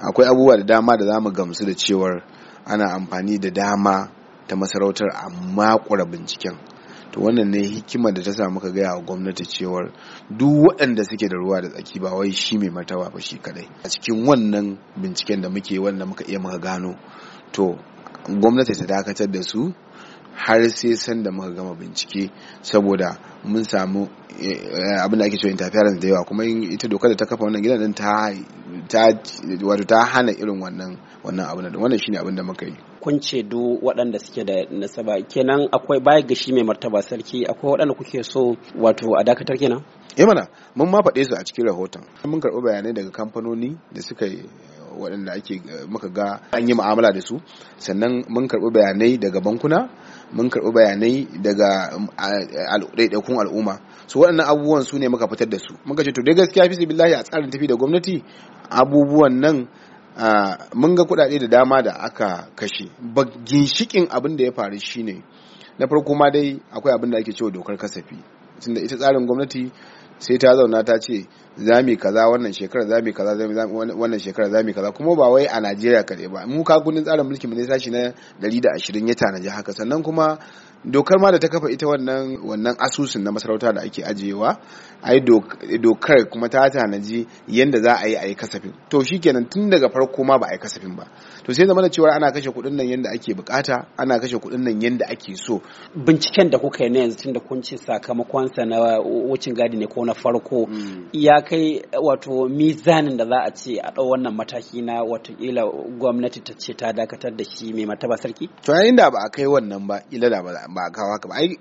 akwai abubuwa da dama da za mu gamsu da cewar ana amfani da dama ta masarautar amma kura binciken to wannan ne hikimar da ta samu ka gaya wa gwamnati cewar duk waɗanda suke da ruwa da tsaki ba wai shi mai martaba ba shi kadai a cikin wannan binciken da muke wanda muka iya muka gano to gwamnati ta dakatar da su har sai sanda muka gama bincike saboda mun samu eh, abin da ake cewa interference da yawa kuma ita dokar da ta kafa wannan gidan ta ta hana irin wannan wannan abin da wannan shine abin da muka yi kun ce du waɗanda suke da nasaba kenan akwai baya gashi mai martaba sarki akwai waɗanda kuke so wato a dakatar kenan eh mana mun ma faɗe su a cikin rahoton mun karɓi bayanai daga kamfanoni da suka yi waɗanda ake eh, muka ga an yi ma'amala da su sannan mun karɓi bayanai daga bankuna mun karɓi bayanai daga mm, ɗaiɗaikun al'umma su waɗannan abubuwan su ne muka fitar da su muka ce to dai gaskiya fi billahi a tsarin tafi da gwamnati abubuwan nan mun ga kuɗaɗe da dama da aka kashe ba ginshikin abin da ya faru shine na farko ma dai akwai abin da ake cewa dokar kasafi tunda ita tsarin gwamnati sai ta zauna ta ce zami kaza wannan shekarar zami kaza wannan shekarar zami kaza kuma ba wai a Najeriya kaɗai ba mu ka gudun tsarin mulki mu ne sashi na 120 ya tanaji haka sannan kuma dokar ma da ta kafa ita wannan wannan asusun na masarauta da ake ajiyewa ai dokar kuma ta tanaji yadda za a yi a yi kasafin to shikenan tun daga farko ma ba a yi kasafin ba to sai zama da cewa ana kashe kuɗin nan yadda ake bukata ana kashe kuɗin nan yadda ake so binciken da kuka yi na yanzu tun da kun ce sakamakonsa na wucin gadi ne ko na farko mm. ya kai wato mizanin da za a ce a ɗau wannan mataki na watakila gwamnati ta ce ta dakatar da shi mai martaba sarki? to yayin da ba a kai wannan ba ila da ba a kawo haka ba ai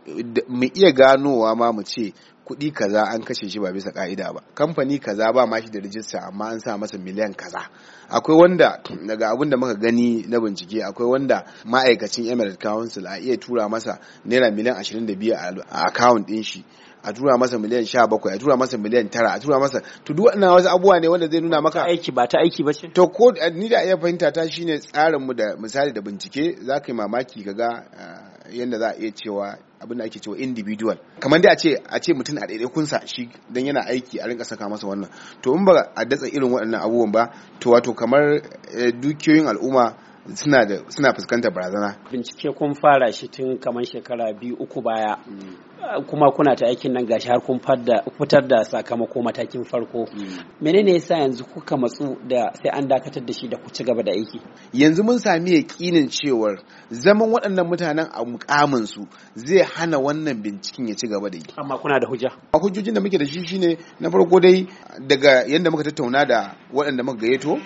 mu iya ganowa ma mu ce kuɗi kaza an kashe shi ba bisa ka'ida ba kamfani kaza ba ma shi da rijista amma an sa masa miliyan kaza akwai wanda daga abin da muka gani na bincike akwai wanda ma'aikacin emirate council a iya tura masa naira miliyan 25 a account din shi a tura masa miliyan sha bakwai a tura masa miliyan tara a tura masa to duk wannan wasu abubuwa ne wanda zai nuna maka aiki ba ta aiki ba ce to ko ni da iya fahimta ta shine tsarin mu da misali da bincike za yi mamaki kaga yadda za a iya cewa abin ake cewa individual kamar dai a ce a ce mutum a ɗaiɗaikun sa shi dan yana aiki a rinka saka masa wannan to in ba a datsa irin waɗannan abubuwan ba to wato kamar eh, dukiyoyin al'umma suna fuskantar barazana bincike kun fara shi tun kamar shekara biyu uku baya mm. kuma kuna ta aikin nan gashi har kun fitar da sakamako matakin farko mm. menene yasa yanzu kuka matsu da sai an dakatar da shi da ku ci gaba da aiki yanzu mun sami yakinin cewar zaman waɗannan mutanen a mukamin su zai hana wannan binciken ya ci gaba da yi amma kuna da hujja a hujjojin da muke da shi shine na farko dai daga yadda muka tattauna da waɗanda muka gayyato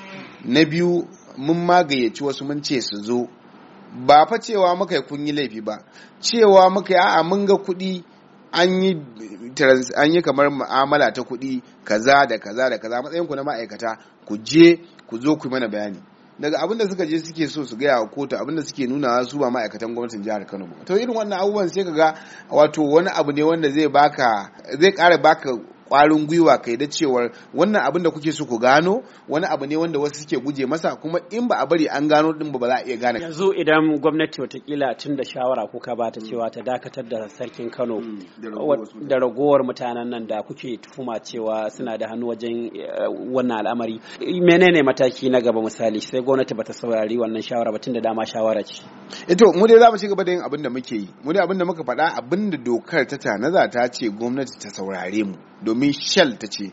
na biyu mun magayyaci wasu mun ce su zo ba fa cewa muka kun yi laifi ba cewa muka a'a mun ga kuɗi an yi kamar mu'amala ta kuɗi kaza da kaza da kaza matsayin ku na ma'aikata ku je ku zo ku mana bayani daga abin da suka je suke so su gaya wa kotu abin da suke nuna su ba ma'aikatan gwamnatin jihar Kano ba to irin wannan abubuwan sai ga wato wani abu ne wanda zai baka zai ƙara baka kwarin gwiwa kai da cewar wannan abin da kuke so ku gano wani abu ne wanda wasu suke guje masa kuma in ba a bari an gano din ba ba za a iya gane yanzu idan gwamnati watakila tun da shawara kuka ba ta cewa ta dakatar da sarkin Kano mm, da ragowar mutanen nan da kuke tuhuma cewa suna da hannu wajen eh, wannan al'amari menene mataki na gaba misali sai gwamnati bata saurari wannan shawara ba tun da dama shawara ce ito eh mu dai za mu ci gaba da yin abin da muke yi mu dai abin da muka faɗa abin da dokar ta tanaza ta ce gwamnati ta saurare mu domin shell ta ce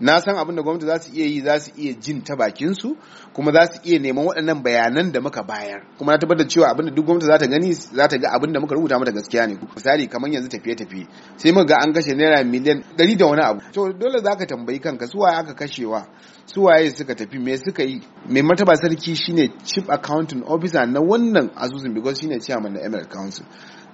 na san abin da gwamnati za su iya yi za su iya jin ta bakinsu kuma za su iya neman waɗannan bayanan da muka bayar kuma na tabbatar cewa abin da duk gwamnati za ta gani za ta ga abin da muka rubuta mata gaskiya ne misali kamar yanzu tafiye tafiye sai muka ga an kashe naira miliyan ɗari da wani abu to dole za ka tambayi kanka su waye aka kashewa su waye suka tafi me suka yi mai martaba sarki shine chief accounting officer na wannan asusun because shine chairman na emirate council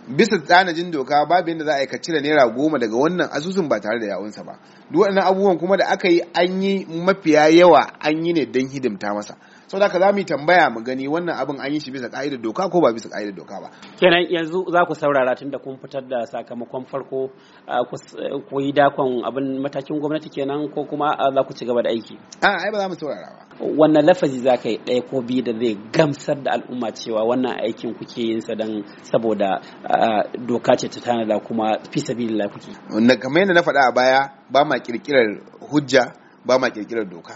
bisa tsanajin doka babu yadda za a yi ka cire naira goma daga wannan asusun ba tare da yawunsa ba duk waɗannan abubuwan kuma da aka yi an yi mafiya yawa an yi ne don hidimta masa da ka za mu tambaya mu gani wannan abin an yi shi bisa ka'idar doka ko ba bisa ka'idar doka ba kenan yanzu za ku saurara tun da kun fitar da sakamakon farko ku yi dakon abin matakin gwamnati kenan ko kuma za ku ci gaba da aiki a ai ba za mu saurara ba wannan lafazi za ka yi ɗaya ko biyu da zai gamsar da al'umma cewa wannan aikin kuke yin sa don saboda doka ce ta tanada kuma fi sabilillah kuke kamar yadda na faɗa a baya ba ma kirkirar hujja ba ma kirkirar doka